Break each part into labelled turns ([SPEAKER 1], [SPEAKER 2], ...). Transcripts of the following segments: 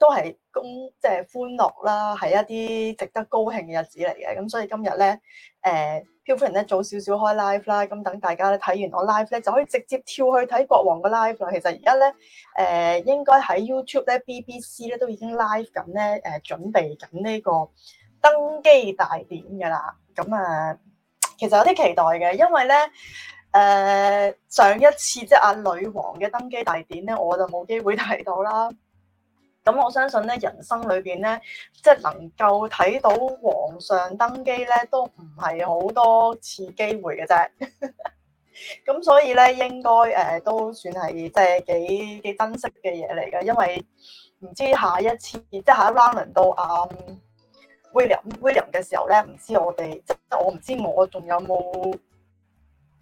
[SPEAKER 1] 都係公即係歡樂啦，係一啲值得高興嘅日子嚟嘅。咁所以今日咧，誒、呃，漂夫人咧早少少開 live 啦，咁等大家咧睇完我 live 咧就可以直接跳去睇國王嘅 live 啦。其實而家咧誒應該喺 YouTube 咧、BBC 咧都已經 live 緊咧誒，準備緊呢個登基大典㗎喇。咁啊，其實有啲期待嘅，因為咧誒、呃、上一次即係阿女王嘅登基大典咧，我就冇機會睇到啦。咁我相信咧，人生裏邊咧，即係能夠睇到皇上登基咧，都唔係好多次機會嘅啫。咁 所以咧，應該誒都算係即係幾幾珍惜嘅嘢嚟嘅。因為唔知下一次即係下一 round 輪到阿 William William 嘅時候咧，唔知我哋即係我唔知我仲有冇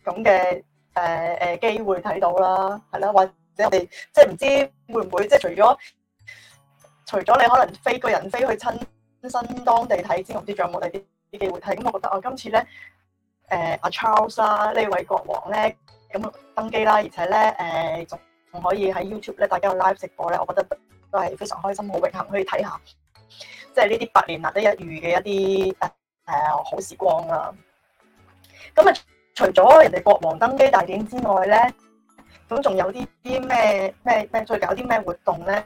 [SPEAKER 1] 咁嘅誒誒機會睇到啦，係啦，或者我哋即係唔知會唔會即係除咗。除咗你可能飛個人飛去親身當地睇，之後唔知仲有冇第啲啲機會睇？咁我覺得我今次咧，誒、啊、阿 Charles 啦、啊，呢位國王咧，咁登基啦，而且咧誒仲可以喺 YouTube 咧，大家有 live 直播咧，我覺得都係非常開心，好榮幸可以睇下，即係呢啲百年難得一遇嘅一啲誒、啊、好時光啦。咁啊，除咗人哋國王登基大典之外咧，咁仲有啲啲咩咩咩，再搞啲咩活動咧？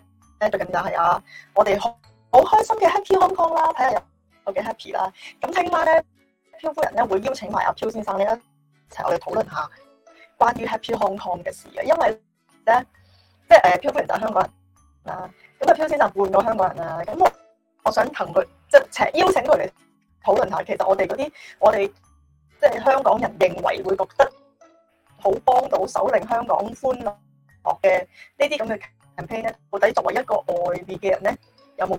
[SPEAKER 1] 最近就係、是、啊，我哋好開心嘅 Happy Hong Kong 啦，睇下有幾 happy 啦。咁聽晚咧，漂夫人咧會邀請埋阿漂先生咧，一齊我哋討論下關於 Happy Hong Kong 嘅事啊。因為咧，即係誒，漂夫人就係香港人啊。咁阿漂先生半個香港人啊。咁我，我想同佢即係邀請佢嚟討論下，其實我哋嗰啲我哋即係香港人認為會覺得好幫到手，令香港歡樂樂嘅呢啲咁嘅。campaign 咧，到底作為一個外邊嘅人咧，有冇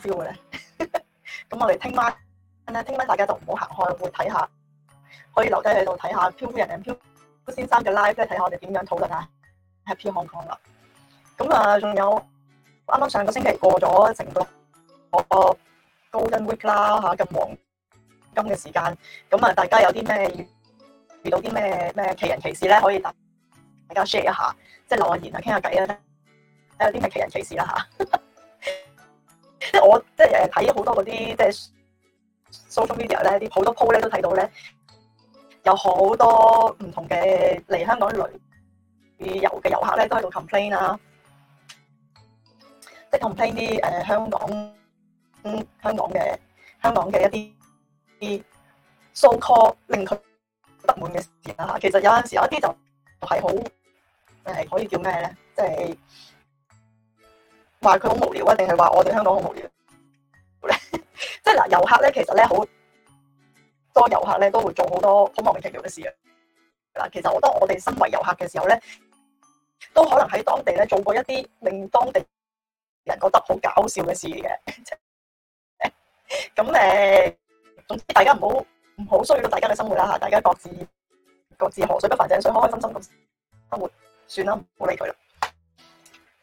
[SPEAKER 1] feel 嘅咧？咁 我哋聽晚，聽晚大家就唔好行開，會睇下，可以留低喺度睇下看看，漂夫人啊、漂先生嘅 live，即係睇我哋點樣討論啊，Happy Hong Kong 啦。咁啊，仲有啱啱上個星期過咗成個 Golden Week 啦，吓，咁黃金嘅時間，咁啊，大家有啲咩遇到啲咩咩奇人奇事咧，可以大家 share 一下，即係留下言啊，傾下偈啊。有啲係奇人奇事啦嚇，即係我即係睇好多嗰啲即係 social media 咧，啲好多 post 咧都睇到咧，有好多唔同嘅嚟香港旅遊嘅遊客咧都喺度 complain 啦，即係 complain 啲誒香港香港嘅香港嘅一啲 so call 令佢不滿嘅事啦嚇。其實有陣時有一啲就係好誒可以叫咩咧，即係。話佢好無聊啊，定係話我哋香港好無聊？即係嗱，遊、 就是、客咧，其實咧好多遊客咧都會做好多好莫名其妙嘅事啊！嗱，其實我當我哋身為遊客嘅時候咧，都可能喺當地咧做過一啲令當地人覺得好搞笑嘅事嘅。咁 誒、嗯，總之大家唔好唔好騷擾到大家嘅生活啦吓，大家各自各自河水不犯井水，開開心心咁生活，算啦，唔好理佢啦。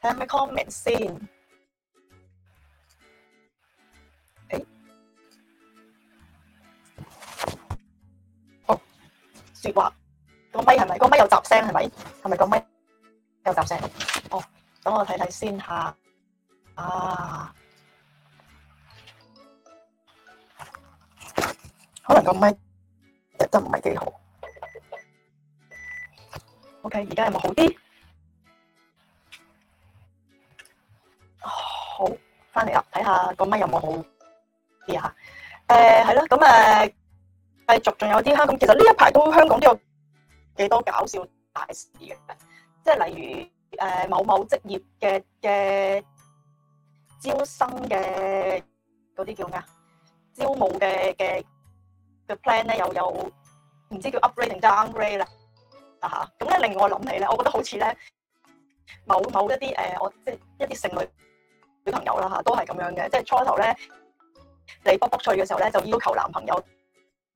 [SPEAKER 1] Have a comment 先。哎，哦，說話，個咪係咪？個咪有雜聲係咪？係咪個咪有雜聲？哦，等我睇睇先下。啊，可能個咪真真唔係幾好。OK，而家有冇好啲？翻嚟啦，睇下個咪、呃呃、有冇好啲嚇？誒係咯，咁誒繼續仲有啲香港。其實呢一排都香港都有幾多搞笑大事嘅，即係例如誒、呃、某某職業嘅嘅招生嘅嗰啲叫咩啊？招募嘅嘅嘅 plan 咧，又有唔知叫 upgrade 定 downgrade 啦啊嚇！咁咧，另外諗起咧，我覺得好似咧某某一啲誒、呃，我即係一啲剩女。小朋友啦嚇，都係咁樣嘅。即係初頭咧，你卜卜脆嘅時候咧，就要求男朋友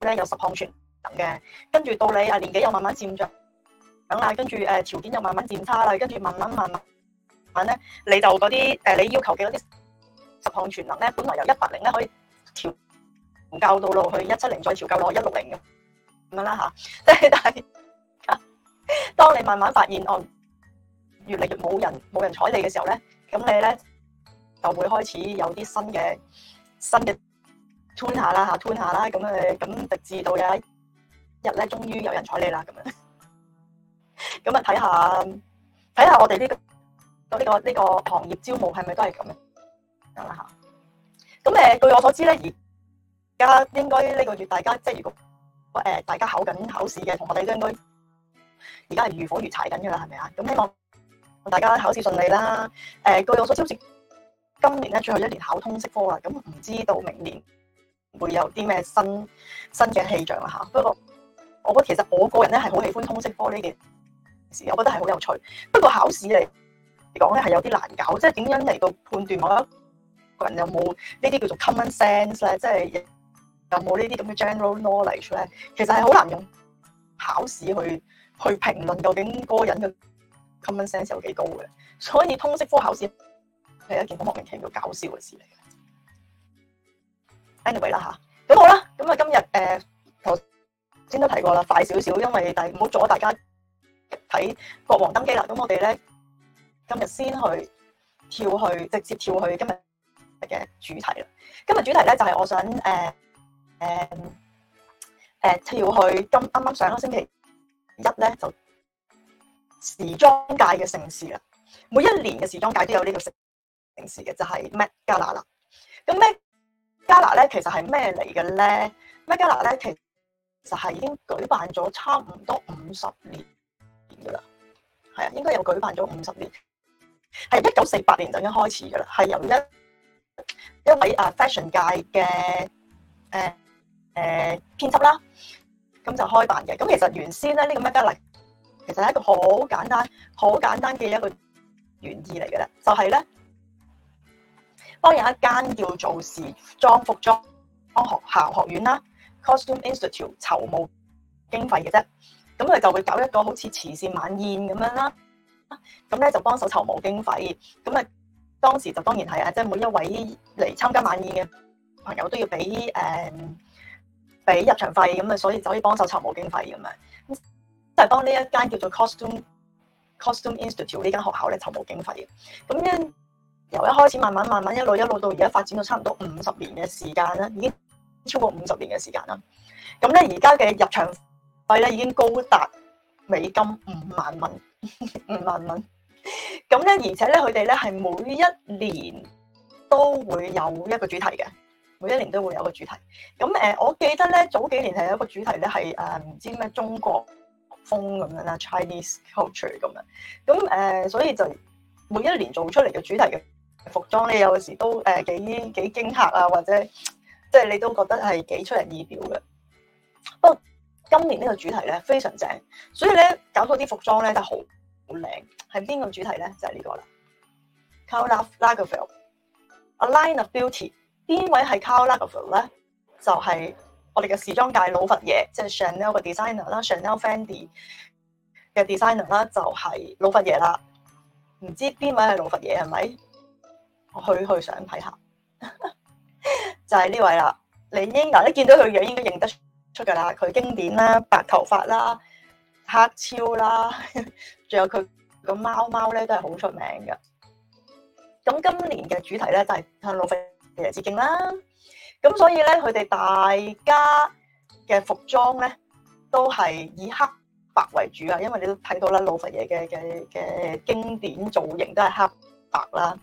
[SPEAKER 1] 咧有十項全能嘅。跟住到你啊年紀又慢慢漸長，等啦。跟住誒條件又慢慢漸差啦。跟住慢慢慢慢慢咧，你就嗰啲誒你要求嘅嗰啲十項全能咧，本來由一百零咧可以調教到落去一七零，再調教落去一六零咁樣啦吓。即係但係，當你慢慢發現哦，越嚟越冇人冇人睬你嘅時候咧，咁你咧。就會開始有啲新嘅新嘅 turn 下啦，吓 turn 下啦，咁誒，咁直至到有一日咧，終於有人睬你啦，咁樣，咁啊睇下睇下我哋呢個呢個呢個行業招募係咪都係咁咧？咁啊吓，咁誒，據我所知咧，而家應該呢個月大家即係如果誒、呃、大家考緊考試嘅同學，你都應該而家係如火如柴緊噶啦，係咪啊？咁希望大家考試順利啦。誒、呃，據我所知好今年咧，最後一年考通識科啊，咁唔知道明年會有啲咩新新嘅氣象啦嚇。不過我覺得其實我個人咧，係好喜歡通識科呢件事，我覺得係好有趣。不過考試嚟嚟講咧，係有啲難搞，即係點樣嚟到判斷某一個人有冇呢啲叫做 common sense 咧，即係有冇呢啲咁嘅 general knowledge 咧，其實係好難用考試去去評論究竟嗰個人嘅 common sense 有幾高嘅。所以通識科考試，係一件好莫名其妙、搞笑嘅事嚟嘅，anyway。Anyway 啦吓，咁好啦，咁啊今日誒頭先都提過啦，快少少，因為唔好阻大家睇國王登基啦。咁我哋咧今日先去跳去直接跳去今日嘅主題啦。今日主題咧就係我想誒誒誒跳去今啱啱上個星期一咧就時裝界嘅盛事啦。每一年嘅時裝界都有呢個平時嘅就係、是、Met Gala 啦，咁 Met Gala 咧其實係咩嚟嘅咧？Met Gala 咧其實就係已經舉辦咗差唔多五十年噶啦，係啊，應該有舉辦咗五十年，係一九四八年就已經開始噶、呃呃、啦，係由一一位啊 fashion 界嘅誒誒編輯啦，咁就開辦嘅。咁其實原先咧呢、這個 Met Gala 其實係一個好簡單、好簡單嘅一個原意嚟嘅咧，就係、是、咧。幫有一間叫做時裝服裝幫學校學院啦，Costume Institute 籌募經費嘅啫，咁佢就會搞一個好似慈善晚宴咁樣啦，咁咧就幫手籌募經費，咁啊當時就當然係啊，即係每一位嚟參加晚宴嘅朋友都要俾誒俾入場費，咁啊所以就可以幫手籌募經費咁樣，咁就係幫呢一間叫做 Costume Costume Institute 呢間學校咧籌募經費嘅，咁因。由一開始慢慢慢慢一路一路到而家發展到差唔多五十年嘅時間啦，已經超過五十年嘅時間啦。咁咧而家嘅入場費咧已經高達美金五萬蚊，五萬蚊。咁咧而且咧佢哋咧係每一年都會有一個主題嘅，每一年都會有一個主題。咁誒，我記得咧早幾年係有一個主題咧係誒唔知咩中國風咁樣啦，Chinese culture 咁樣。咁誒，所以就每一年做出嚟嘅主題嘅。服裝咧，有時都誒幾幾驚嚇啊，或者即係你都覺得係幾出人意表嘅。不過今年呢個主題咧非常正，所以咧搞到啲服裝咧就好好靚。係邊個主題咧？就係、是、呢個啦。Karl Lagerfeld，A Line of Beauty，邊位係 Karl Lagerfeld 咧？就係、是、我哋嘅時裝界老佛爺，即、就、係、是、Chanel 嘅 designer 啦，Chanel Fendi 嘅 designer 啦，就係老佛爺啦。唔知邊位係老佛爺係咪？是去去想睇下， 就係呢位啦，李英嗱，一見到佢樣應該認得出噶啦，佢經典啦，白頭髮啦，黑超啦，仲有佢個貓貓咧都係好出名嘅。咁今年嘅主題咧就係向老佛爺致敬啦。咁所以咧佢哋大家嘅服裝咧都係以黑白為主啊，因為你都睇到啦，老佛爺嘅嘅嘅經典造型都係黑白啦，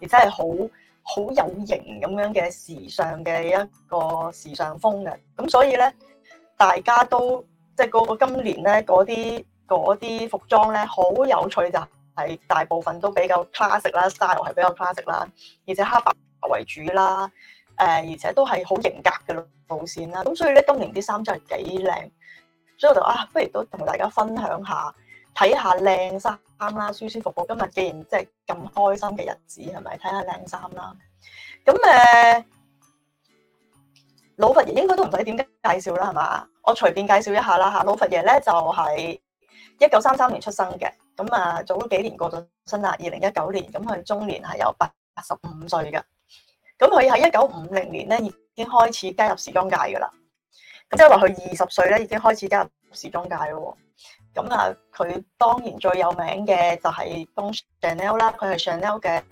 [SPEAKER 1] 而且係好好有型咁樣嘅時尚嘅一個時尚風嘅，咁所以咧，大家都即係嗰個今年咧嗰啲、嗰啲服裝咧，好有趣就係大部分都比較 classic 啦，style 係比較 classic 啦，而且黑白為主啦，誒，而且都係好型格嘅路線啦，咁所以咧，今年啲衫真係幾靚，所以我就啊，不如都同大家分享下。睇下靚衫啦，舒舒服服。今日既然即係咁開心嘅日子，係咪？睇下靚衫啦。咁誒，老佛爺應該都唔使點介紹啦，係嘛？我隨便介紹一下啦吓。老佛爺咧就係一九三三年出生嘅。咁啊，早幾年過咗身啦，二零一九年。咁佢終年係有八八十五歲噶。咁佢喺一九五零年咧已經開始加入時裝界噶啦。即係話佢二十歲咧已經開始加入時裝界咯。咁啊，佢當然最有名嘅就係東 Chanel 啦，佢係 Chanel 嘅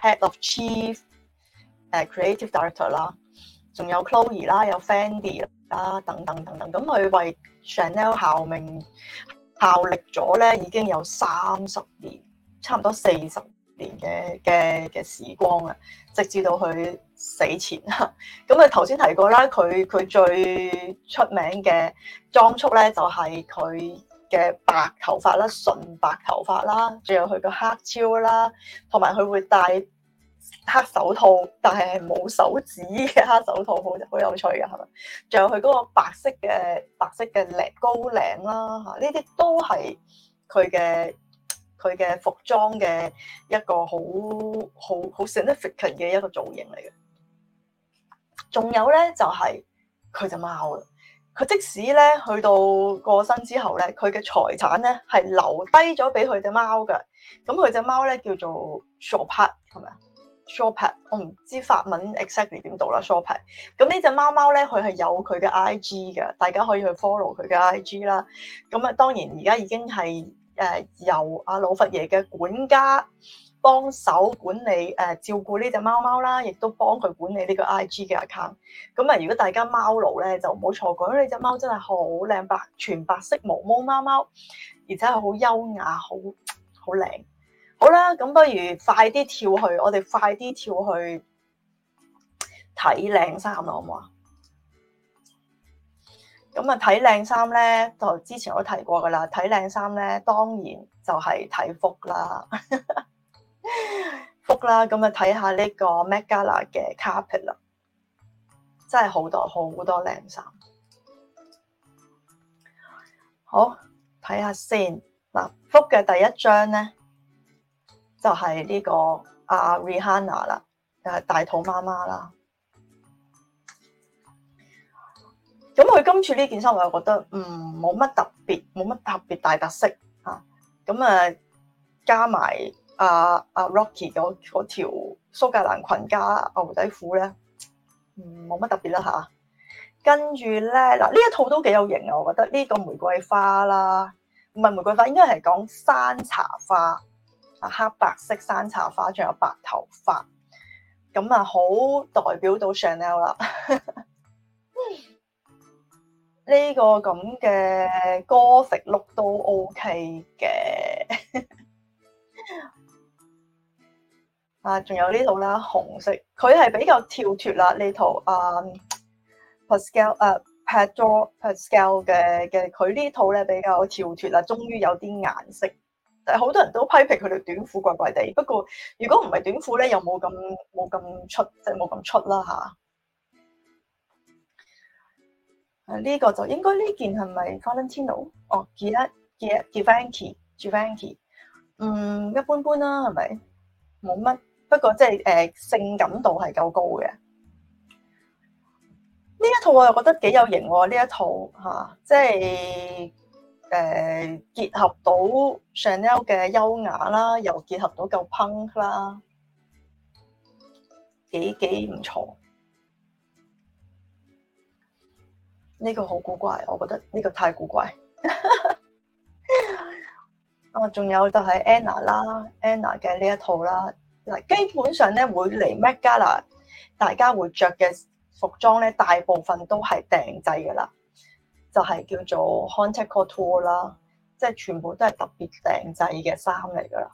[SPEAKER 1] head of chief creative director 啦，仲有 Chloé 啦，有 Fendi 啦，等等等等。咁佢為 Chanel 效命效力咗咧，已經有三十年，差唔多四十年嘅嘅嘅時光啊，直至到佢死前。咁佢頭先提過啦，佢佢最出名嘅裝束咧，就係佢。嘅白頭髮啦，純白頭髮啦，仲有佢個黑超啦，同埋佢會戴黑手套，但係係冇手指嘅黑手套，好好有趣嘅，係咪？仲有佢嗰個白色嘅白色嘅領高領啦，嚇，呢啲都係佢嘅佢嘅服裝嘅一個好好好 significant 嘅一個造型嚟嘅。仲有咧，就係佢就貓佢即使咧去到過身之後咧，佢嘅財產咧係留低咗俾佢隻貓嘅。咁佢隻貓咧叫做 Choupette 係咪啊？Choupette 我唔知法文 exactly 點讀啦。Choupette 咁呢隻貓貓咧，佢係有佢嘅 IG 嘅，大家可以去 follow 佢嘅 IG 啦。咁啊，當然而家已經係誒由阿老佛爺嘅管家。幫手管理、誒、呃、照顧呢隻貓貓啦，亦都幫佢管理呢個 I G 嘅 account。咁啊，如果大家貓奴咧，就唔好錯過，因為呢隻貓真係好靚白，全白色毛毛貓貓，而且係好優雅，好好靚。好啦，咁不如快啲跳去，我哋快啲跳去睇靚衫啦，好唔好啊？咁啊，睇靚衫咧，就之前我提過噶啦。睇靚衫咧，當然就係睇福啦。 福啦，咁啊睇下呢個 Met Gala 嘅 carpet 啦，真係好多好多靚衫。好睇下先嗱，福嘅第一張咧，就係、是、呢個阿 Rihanna 啦，就係、是、大肚媽媽啦。咁佢今次呢件衫我又覺得，嗯，冇乜特別，冇乜特別大特色啊。咁啊，加埋。啊、uh, 啊、uh, Rocky 嗰嗰條蘇格蘭裙加牛仔褲咧，嗯，冇乜特別啦吓。跟住咧嗱，呢一套都幾有型啊，我覺得呢、呢個玫瑰花啦，唔係玫瑰花，應該係講山茶花啊，黑白色山茶花，仲有白頭髮，咁啊好代表到 Chanel 啦。呢、 呢個咁嘅歌，食碌都 OK 嘅。啊，仲有呢套啦，紅色，佢係比較跳脱啦。Um, Pascal, uh, 呢套啊，Pascal，啊，Pedro，Pascal 嘅嘅，佢呢套咧比較跳脱啦。終於有啲顏色，但係好多人都批評佢哋短褲怪怪地。不過如果唔係短褲咧，又冇咁冇咁出，即係冇咁出啦嚇。呢、啊啊呢個就應該呢件係咪 Valentino？哦 Gia，Giovanni，Givanky 嗯，一般般啦、啊，係咪？冇乜。不過即係誒，性感度係夠高嘅。呢一套我又覺得幾有型喎、哦，呢一套吓、啊，即係誒、呃，結合到 Chanel 嘅優雅啦，又結合到夠 punk 啦，幾幾唔錯。呢、呢個好古怪，我覺得呢個太古怪。 啊，仲有就係 Anna 啦，Anna 嘅呢一套啦。嗱，基本上咧會嚟 Met Gala，大家會着嘅服裝咧，大部分都係訂製嘅啦，就係、是、叫做 Haute Couture 啦，即係全部都係特別訂製嘅衫嚟噶啦。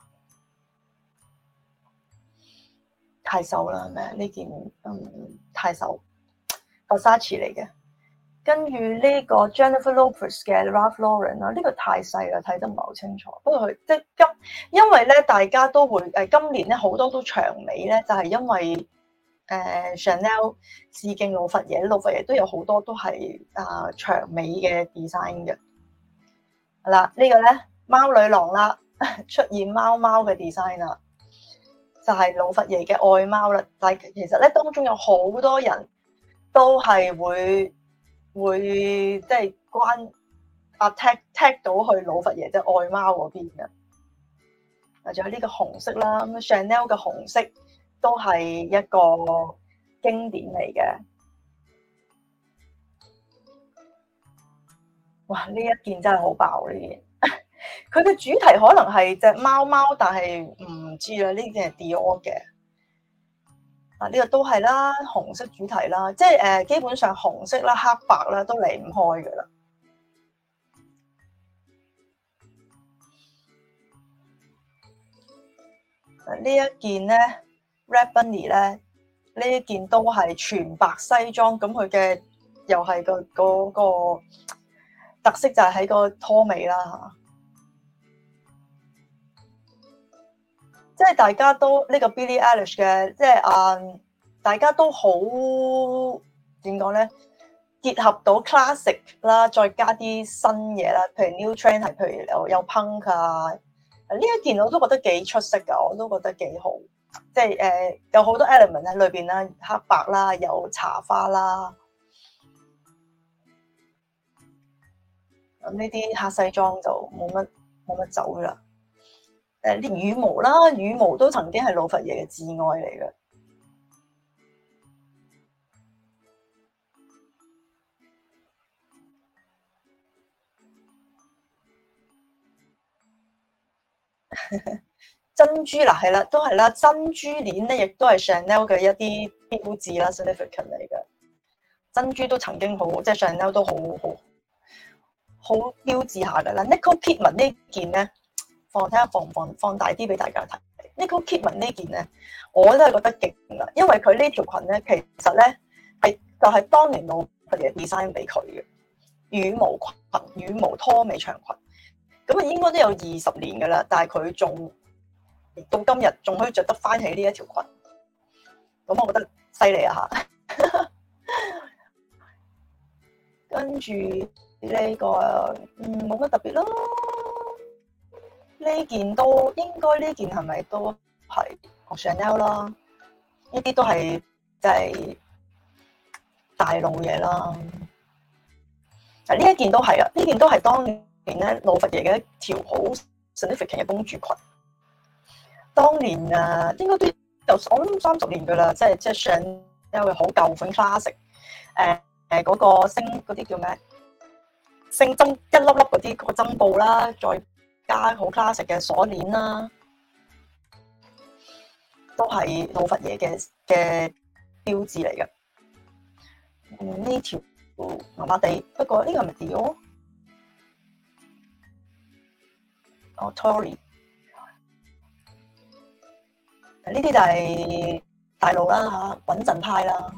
[SPEAKER 1] 太瘦啦，係咪啊？呢件嗯，太瘦，Versace 嚟嘅。跟住呢個 Jennifer Lopez 嘅 Ralph Lauren 啦，呢個太細啦，睇得唔係好清楚。不過佢即係今，因為咧，大家都會誒，今年咧好多都長尾咧，就係因為誒 Chanel 致敬老佛爺，老佛爺都有好多都係啊長尾嘅 design 嘅。嗱，呢個咧貓女郎啦，出現貓貓嘅 design 啦，就係老佛爺嘅愛貓啦。但其實咧，當中有好多人都係會。會即係關啊踢踢到去老佛爺即係愛貓嗰邊就啊，仲有呢個紅色啦 ，Chanel 嘅紅色都係一個經典嚟嘅。哇！呢一件真係好爆呢件！佢 嘅主題可能係隻貓貓，但係唔知啦。呢件係 Dior 嘅。啊！呢個都係啦，紅色主題啦，即係誒，基本上紅色啦、黑白啦，都離唔開嘅啦。呢一件咧，Rabany 咧，呢一件都係全白西裝，咁佢嘅又係、個嗰、個特色就係喺個拖尾啦嚇。即係大家都呢、這個 Billie Eilish 嘅，即係啊、呃，大家都好點講咧？結合到 classic 啦，再加啲新嘢啦，譬如 new trend，譬如有有 punk 啊，呢一件我都覺得幾出色噶，我都覺得幾好。即係誒、呃，有好多 element 喺裏邊啦，黑白啦，有茶花啦。咁呢啲黑西裝就冇乜冇乜走啦。誒，啲羽毛啦，羽毛都曾經係老佛爺嘅至愛嚟嘅、啊啊啊。珍珠嗱係啦，都係啦，珍珠鏈咧，亦都係 Chanel 嘅一啲標誌啦，significant 嚟嘅。珍珠都曾經好，即、就、係、是、Chanel 都好好好,好標誌下嘅啦。Nicole Kidman 呢件咧。放睇下，放唔放放大啲俾大家睇。呢個 Nicole Kidman 呢件咧，我都係覺得勁噶，因為佢呢條裙咧，其實咧係就係、是、當年冇佢哋 design 俾佢嘅羽毛裙、羽毛拖尾長裙。咁啊，應該都有二十年噶啦，但係佢仲到今日仲可以着得翻起呢一條裙，咁我覺得犀利啊吓。 跟住呢、這個，嗯，冇乜特別咯。呢件都應該，呢件係咪都係 Chanel 啦？呢啲都係就係、是、大路嘢啦。啊，呢一件都係啊，呢件都係當年咧老佛爺嘅一條好 significant 嘅公主裙。當年啊，應該都有我諗三十年噶啦，即係即係 Chanel 好舊款 classic、呃。誒、那、誒、個，嗰個升嗰啲叫咩？升針一粒粒嗰啲、那個針布啦，再～加好 classic 嘅鎖鏈啦，啊，都係老佛爺嘅嘅標誌嚟嘅。呢條麻麻地，不過呢個係咪 Dior？哦 Tory，呢啲就係大陸啦嚇，穩陣派啦。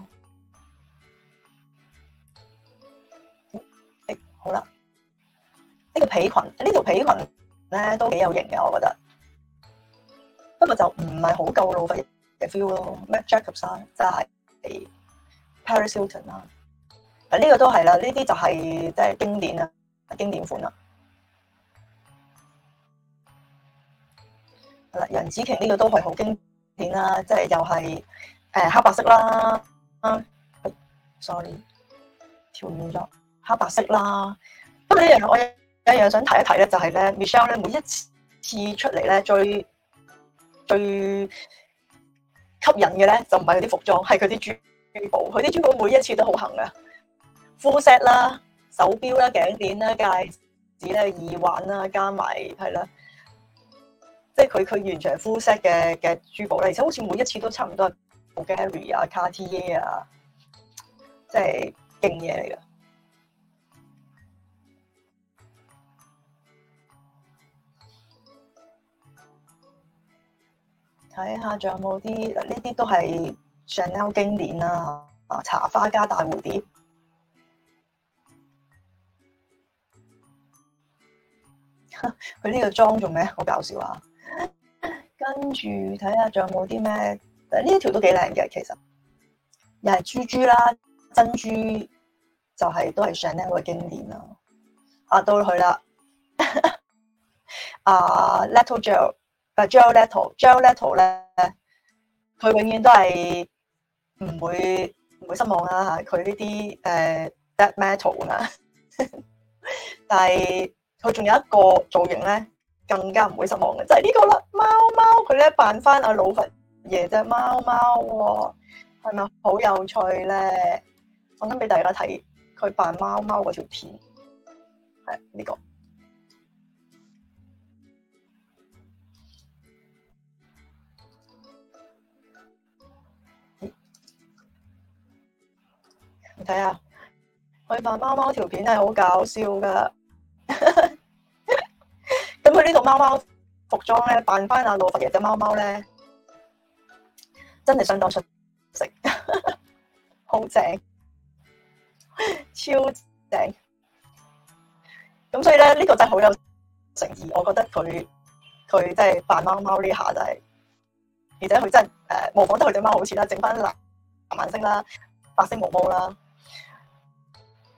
[SPEAKER 1] 誒，好啦，呢、呢個皮裙，呢條皮裙。咧都幾有型嘅，我覺得。不過就唔係好夠老佛爺嘅 feel 咯，Marc Jacobs 即係 Paris Hilton 啦。啊呢個都係啦，呢啲就係即係經典啦，經典款啦。係啦，楊紫瓊呢個都係好經典啦，即係又係誒黑白色啦。 Sorry，條鏈就黑白色啦。不過呢來我。一樣想提一提咧，就係咧 Michelle 咧每一次出嚟咧最最吸引嘅咧，就唔係佢啲服裝，係佢啲珠寶。佢啲珠寶每一次都好行噶，full set 啦、手錶啦、頸鏈啦、戒指咧、耳環啦，加埋係啦，即係佢佢完全 full set 嘅嘅珠寶咧，而且好似每一次都差唔多係 Bulgari 啊、Cartier 啊，即係勁嘢嚟噶。睇下仲有冇啲，呢啲都係 Chanel 經典啦、啊，啊茶花加大蝴蝶，佢呢個妝做咩？好搞笑啊！跟住睇下仲有冇啲咩？誒呢一條都幾靚嘅，其實又係珠珠啦，珍珠就係、是、都係 Chanel 嘅經典啦、啊。啊到咗佢啦，啊、 uh, Little Joe 啊，Jared Leto，Jared Leto 咧，佢永遠都係唔會唔會失望啦、啊、吓，佢呢啲 Dead Metal 啊， 但係佢仲有一個造型咧，更加唔會失望嘅，就係、是、呢個啦，貓貓佢咧扮翻阿老佛爺隻貓貓，係咪好有趣咧？放翻俾大家睇，佢扮貓貓嗰條片，係呢、呢個。睇下，佢扮貓貓條片係好搞笑噶，咁 佢呢套貓貓服裝咧扮翻阿老佛爺隻貓貓咧，真係相當出色， 好正，超正。咁所以咧，呢、這個真係好有誠意。我覺得佢佢真係扮貓貓呢下就係、是，而且佢真誒、呃、模仿得佢隻貓好似啦，整翻藍藍眼睛啦，白色毛毛啦。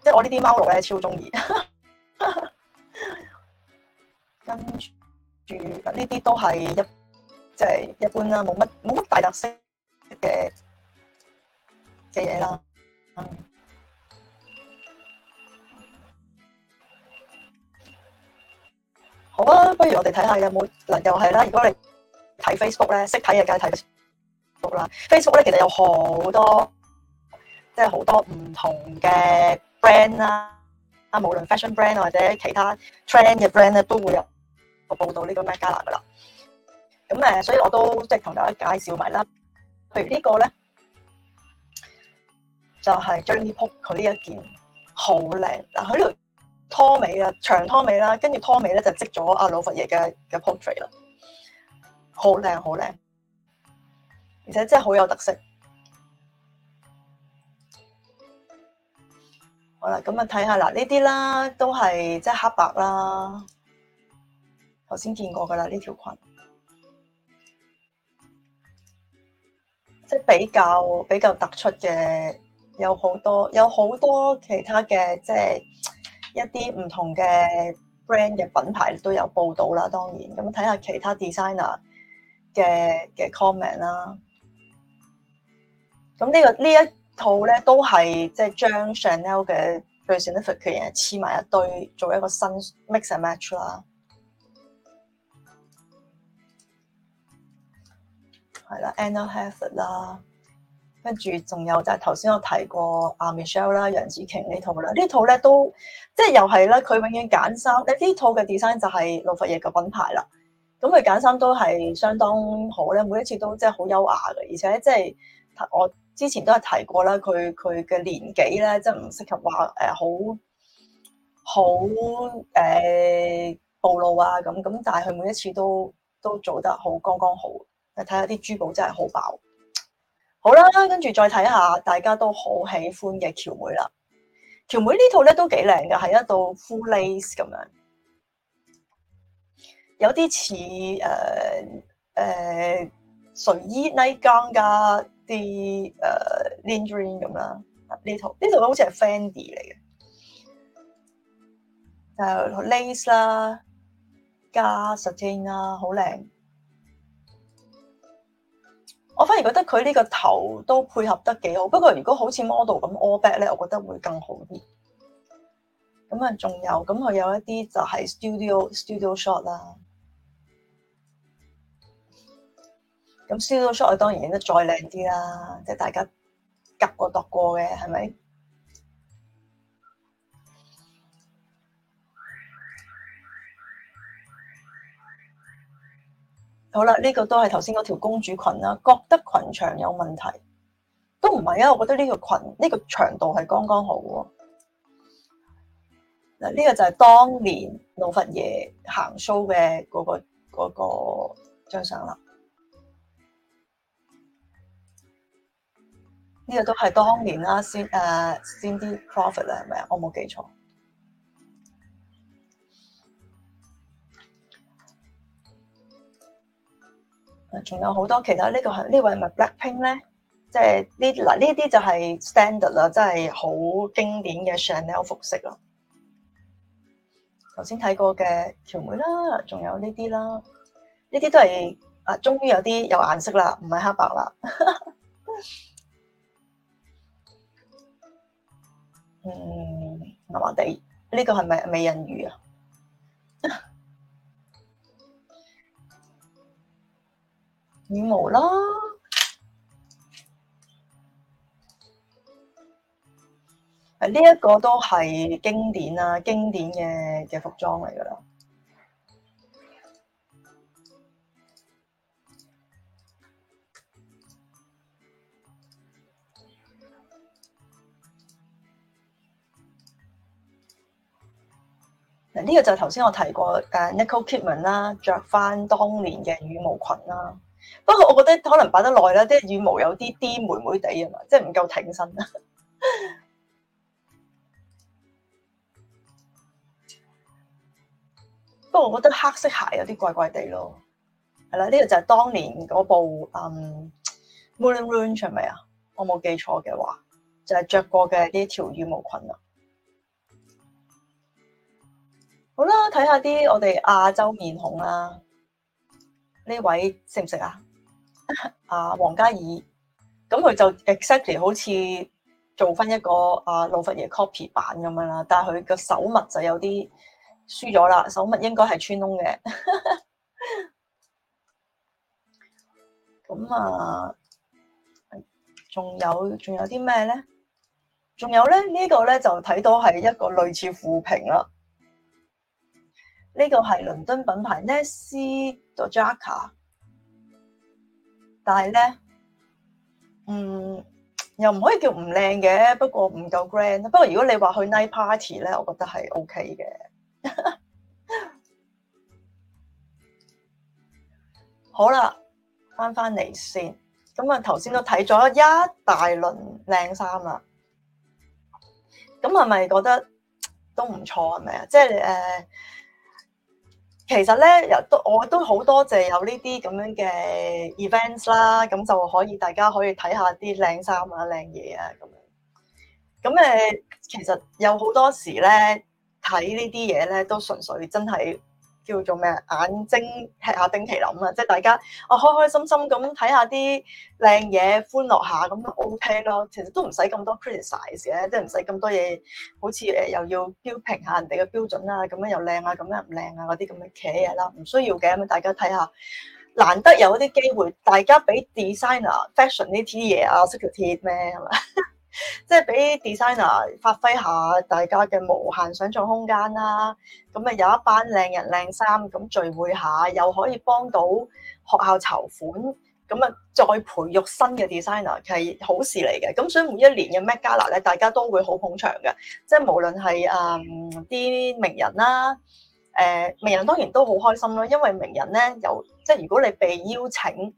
[SPEAKER 1] 即係我呢啲貓奴咧超中意， 跟住呢啲都係一即係、就是、一般啦，冇乜冇乜大特色嘅嘅嘢啦，嗯。好啊，不如我哋睇下有冇能又係啦。如果你睇 Facebook 咧，識睇嘅梗係睇 Facebook 啦。Facebook 咧其實有好多即係好多唔同嘅。brand 啦，啊，無論 fashion brand，啊、或者其他 trend 嘅 brand 咧，啊，都會有報道個報導呢個 Met Gala 噶啦。咁誒，所以我都即係同大家介紹埋啦。譬如個呢個咧，就係、是、Jeremy Pope 佢呢一件好靚，嗱佢呢度拖尾啊，長拖尾啦，跟住拖尾咧就織咗阿老佛爺嘅嘅 portrait 啦，好靚好靚，而且真係好有特色。好啦，咁啊睇下嗱，呢啲啦都係即係黑白啦，頭先見過噶啦，呢條裙，即係比較比較突出嘅，有好多有好多其他嘅，即係一啲唔同嘅 brand 嘅品牌都有報道啦。當然咁睇下其他 designer 嘅嘅 comment 啦。咁呢個呢一套咧都係即係將 Chanel 嘅最 signature 嘅嘢黐埋一堆，做一個新 mix and match 啦。係啦，Anne Hathaway 啦，跟住仲有就係頭先我提過阿 Michelle 啦、楊紫瓊呢套啦。這套呢套咧都即係又係咧，佢永遠揀衫。呢呢套嘅 design 就係老佛爺嘅品牌啦。咁佢揀衫都係相當好咧，每一次都即係好優雅嘅，而且即、就、係、是、我。之前都係提過啦，佢佢嘅年紀咧，真唔適合話誒、呃、好好誒、呃、暴露啊咁咁，但係佢每一次都都做得好剛剛好，睇下啲珠寶真係好飽。好啦，跟住再睇下大家都好喜歡嘅喬妹啦。喬妹呢套咧都幾靚嘅，係一套 full lace 咁樣，有啲似誒誒。呃呃睡衣 night gown 加啲誒 linen 咁啦，呢套呢套好似係 Fendi 嚟嘅，就 lace 啦加 satin 啦，好靚。我反而覺得佢呢個頭都配合得幾好，不過如果好似 model 咁 all back 咧，我覺得會更好啲。咁啊，仲有咁佢有一啲就係 studio studio shot 啦。咁 show 到 show 我當然影得再靚啲啦，即係大家夾過度過嘅，係咪？好啦，呢個都係頭先嗰條公主裙啦，覺得裙長有問題，都唔係啊！我覺得呢個裙呢個長度係剛剛好喎。嗱，呢個就係當年老佛爺行 show 嘅嗰個嗰個張相啦。呢、這個都係當年啦，Cindy Crawford 咧，係咪啊？我冇記錯。啊，仲有好多其他、這個這個、是是呢個係呢位係咪 Blackpink 咧？即係呢嗱呢啲就係、是、standard 啦，即係好經典嘅 Chanel 服飾啦。頭先睇過嘅條妹啦，仲有呢啲啦，呢啲都係啊，終於有啲有顏色啦，唔係黑白啦。 嗯，麻麻地，呢個係咪美人魚啊？羽毛啦，誒，呢一個都係經典啊，經典嘅嘅服裝嚟噶啦。呢、這個就係頭先我提過，誒 Nicole Kidman 啦，着翻當年嘅羽毛裙啦。不過我覺得可能擺得耐啦，即係羽毛有啲啲妹妹地啊嘛，即係唔夠挺身啦。 不過我覺得黑色鞋有啲怪怪地咯。係啦，呢、這個就係當年嗰部嗯 Moulin Rouge 係咪啊？我冇記錯嘅話，就係、是、着過嘅呢條羽毛裙啊。好啦，睇下啲我哋亞洲面孔啦，呢位識唔識啊？啊，黃嘉怡，咁佢就 exactly 好似做翻一個啊老佛爺 copy 版咁樣啦，但係佢個手襪就有啲輸咗啦，手襪應該係穿窿嘅。咁 啊，仲有仲有啲咩咧？仲有咧呢、這個咧就睇到係一個類似副屏啦。呢、這個係倫敦品牌 Nensi Dojaka 但係咧，嗯，又唔可以叫唔靚嘅，不過唔夠 grand。不過如果你話去 night party 咧，我覺得係 OK 嘅。 好啦，翻翻嚟先，咁啊頭先都睇咗一大輪靚衫啊，咁係咪覺得都唔錯係咪啊？即係誒。就是呃其實咧，又都我都好多謝有呢啲咁樣嘅 events 啦，咁就可以大家可以睇下啲靚衫啊、靚嘢啊咁樣。咁誒，其實有好多時咧睇呢啲嘢咧，都純粹真係。叫做咩？眼睛吃下冰淇淋啊！即係大家我開開心心咁睇下啲靚嘢，歡樂下咁就 O K 咯。其實都唔使咁多 criticize 嘅，即係唔使咁多嘢，好似誒又要挑評下人哋嘅標準啊，咁樣又靚啊，咁樣唔靚啊，嗰啲咁嘅嘢啦，唔需要嘅。咁大家睇下，難得有啲機會，大家俾 designer fashion，啊，fashion 呢啲嘢啊，識條鐵咩？係嘛？即係俾 designer 發揮下大家嘅無限想象空間啦，咁啊，有一班靚人靚衫，咁聚會下又可以幫到學校籌款，咁啊再培育新嘅 designer 係好事嚟嘅，咁所以每一年嘅 Met Gala 咧，大家都會好捧場嘅。即係無論係誒啲名人啦，誒、呃、名人當然都好開心啦，因為名人咧有即係如果你被邀請。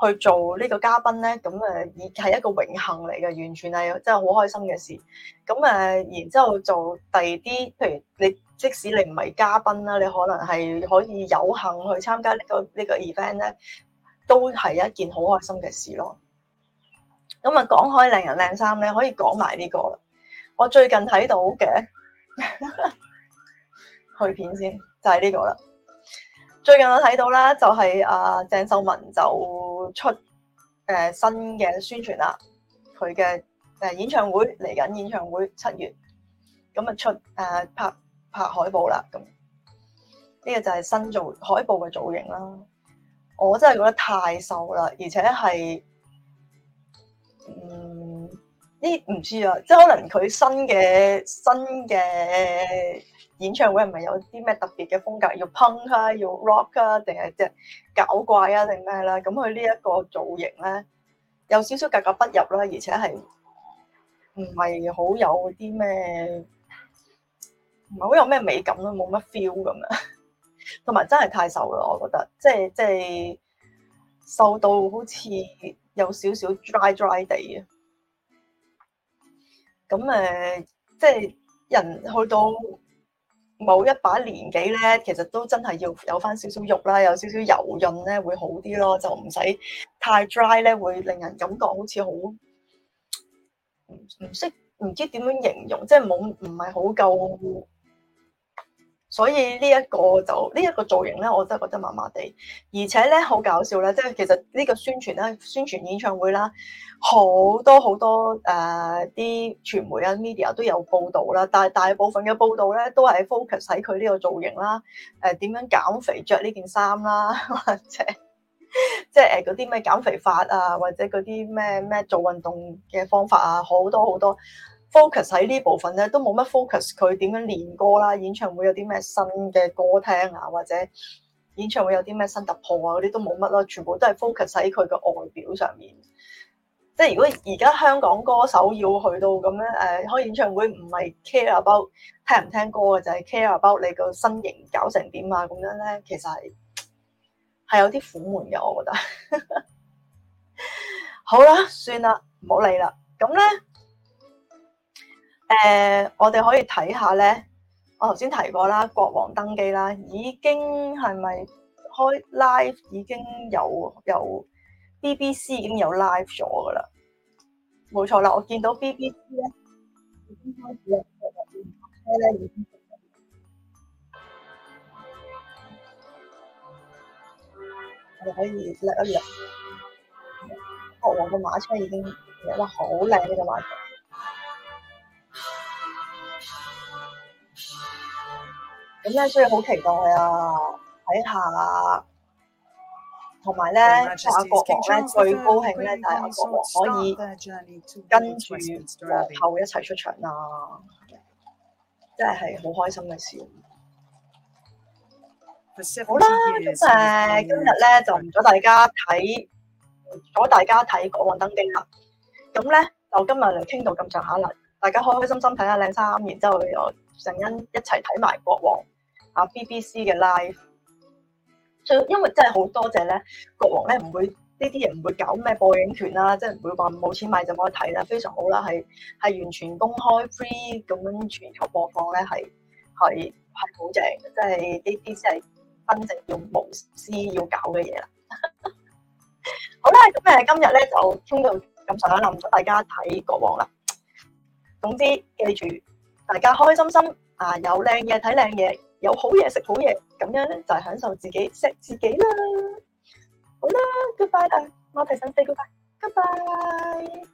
[SPEAKER 1] 去做呢個嘉賓咧，咁誒以係一個榮幸嚟嘅，完全係真係好開心嘅事。咁誒，然之後做第二啲，譬如你即使你唔係嘉賓啦，你可能係可以有幸去參加呢個呢個 event 咧，都係一件好開心嘅事咯。咁啊，講開靚人靚衫咧，可以講埋呢個啦。我最近睇到嘅， 去片先，就係呢個啦。最近我睇到啦，就係阿鄭秀文就出誒新嘅宣傳啦，佢嘅誒演唱會嚟緊，演唱會七月咁啊，出誒拍拍海報啦，咁呢個就係新做海報嘅造型啦。我真係覺得太瘦啦，而且係嗯呢欸、唔知啊，即係可能佢新嘅新嘅演唱會係咪有啲咩特別嘅風格？要 punk 啊，要 rock 啊，定係即係搞怪啊，定咩啦？咁佢呢一個造型咧，有少少格格不入啦，而且係唔係好有啲咩，唔係好有咩美感咯，冇乜 feel 咁樣。同埋真係太瘦啦，我覺得，即係即係瘦到好似有少少 dry dry 地啊。咁誒，即係人去到。某一把年紀咧，其實都真係要有翻少少肉啦，有少少油潤咧，會好啲咯，就唔使太 dry 咧，會令人感覺好似好唔識，唔知點樣形容，即係冇唔係好夠。所以呢一個就呢一個造型咧，我真係覺得麻麻地，而且咧好搞笑咧，即係其實呢個宣傳咧、宣傳演唱會啦，好多好多誒啲傳媒啊、media 都有報道啦，但係大部分嘅報道咧都係 focus 喺佢呢個造型啦，誒點樣減肥着呢件衫啦，或者即係誒嗰啲咩減肥法啊，或者嗰啲咩咩做運動嘅方法啊，好多好多。focus 喺呢部分咧，都冇乜 focus。佢點樣練歌啦？演唱會有啲咩新嘅歌聽啊？或者演唱會有啲咩新突破啊？嗰啲都冇乜啦，全部都係 focus 喺佢個外表上面。即係如果而家香港歌手要去到咁樣誒、呃、開演唱會，唔係 care about 聽唔聽歌嘅，就係、是、care about 你個身形搞成點啊？咁樣咧，其實係係有啲苦悶嘅，我覺得。 好啦，算啦，唔好理啦。咁咧。Uh, 我哋可以睇下咧，我頭先提過啦，國王登基啦，已經係咪開 live 已經有有 BBC 已經有 live 咗噶啦，冇錯啦，我見到 BBC 咧已經開始啦，係啦，已經，我哋可以一國王嘅馬車已經哇，好靚嘅個馬車。咁咧，所以好期待啊！睇下，啊，同埋咧，阿國王咧最高興咧，係阿國王可以跟住後一齊出場啦，啊！即係係好開心嘅事。好啦，咁誒，今日咧就唔阻大家睇，唔阻大家睇《國王登基》啦。咁咧，就今日嚟傾到咁上下啦，大家開開心心睇下靚衫，然之後又。正因一齊睇埋《國王》啊，BBC 嘅 live，就因為真係好多謝咧，《國王》咧唔會呢啲嘢，唔會搞咩播映權啦，即係唔會話冇錢買就冇得睇啦，非常好啦，係係完全公開 free 咁樣全球播放咧，係係係好正，即係呢啲先係真正用無私要搞嘅嘢啦。好啦，咁誒今日咧就傾到咁上下，輪到大家睇《國王》啦。總之記住。大家開開心心啊！有靚嘢睇靚嘢，有好嘢食好嘢，咁樣咧就係享受自己錫自己啦！好啦，goodbye 啦，我提醒你 goodbye，goodbye。拜拜拜拜。